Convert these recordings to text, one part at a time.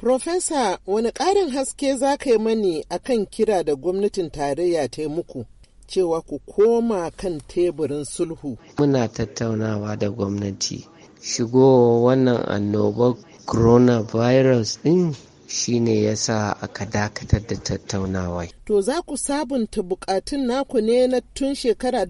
Profesa, wani ƙarin haske za ka yi mani a kan kira da gwamnatin tarayya ta yi muku cewa ku koma kan teburin sulhu. Muna tattaunawa da gwamnati. Shigo wannan annobar coronavirus ɗin shine ya sa aka dakatar da tattaunawa. To za ku sabunta bukatun naku ne na tun shekara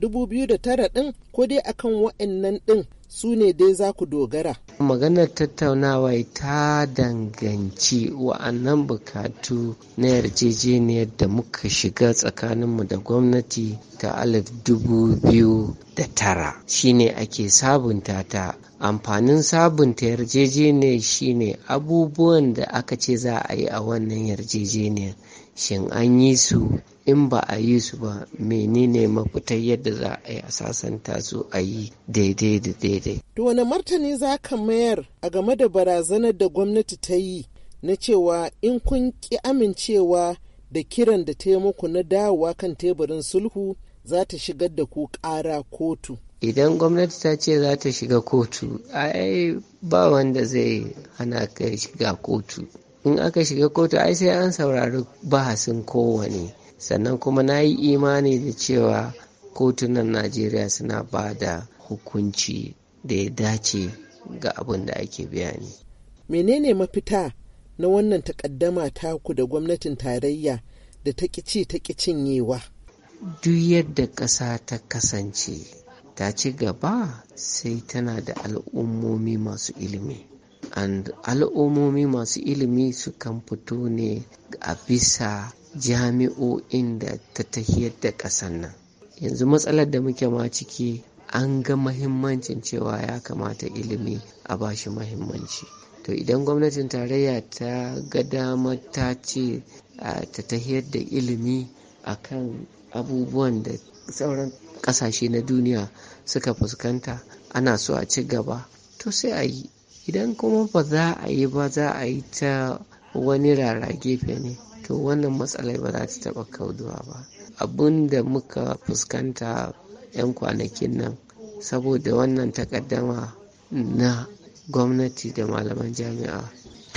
tara ɗin ko dai akan wa'annan ɗin su ne dai za ku dogara. Maganar tattaunawa ta danganci wa'annan bukatu na yarjejeniyar da muka shiga tsakaninmu da gwamnati ta alif dubu biyu da tara Shi ne ake sabunta ta amfanin sabunta yarjejeniyar shi ne abubuwan da aka ce za a yi a wannan yarjejeniyar shin an yi su in ba a yi su ba menene mafitar yadda za a yi a sasanta su a yi daidai da daidai. To wani martani za ka mayar a game da barazanar da gwamnati ta yi na cewa in kun ƙi amincewa da kiran da ta na dawowa kan teburin sulhu za ta shigar da ku ƙara kotu. Idan gwamnati ta ce za ta shiga kotu, ai ba wanda zai hana ka shiga kotu. In aka shiga kotu, ai sai an saurari bahasin kowane. sannan kuma na yi imani da cewa kotunan najeriya suna ba da hukunci da ya dace ga abin da ake bayani menene mafita na wannan takaddama taku da gwamnatin tarayya da ta ƙici ta cinyewa duk yadda ƙasa ta kasance ta ci gaba sai tana da al'ummomi masu ilimi and al'ummomi masu ilimi sukan fito ne a bisa jami'o'in da ta tahiyar da ƙasar nan yanzu matsalar da muke ma ciki an ga mahimmancin cewa ya kamata ilimi a bashi mahimmanci to idan gwamnatin tarayya ta ga dama ta ce ta tahiyar da ilimi a kan abubuwan da sauran ƙasashe na duniya suka fuskanta ana so a ci gaba to sai a yi idan kuma ba za a yi ba za a yi ta wani rara gefe ne to wannan matsalai ba za ta taɓa kauduwa ba abun da muka fuskanta 'yan kwanakin nan saboda wannan takaddama na gwamnati da malaman jami'a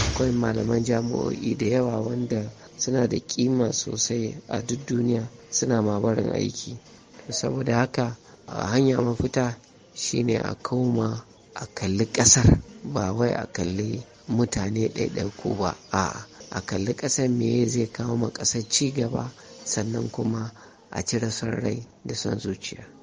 akwai malaman jami'o'i da yawa wanda suna da kima sosai a duk duniya suna mabarin aiki saboda haka a hanya mafita shine a koma a kalli kasar ba wai a kalli mutane ɗaiɗaiku ba a'a a kalli ƙasar meye zai kawo ma ƙasar ci gaba sannan kuma a cire son rai da son zuciya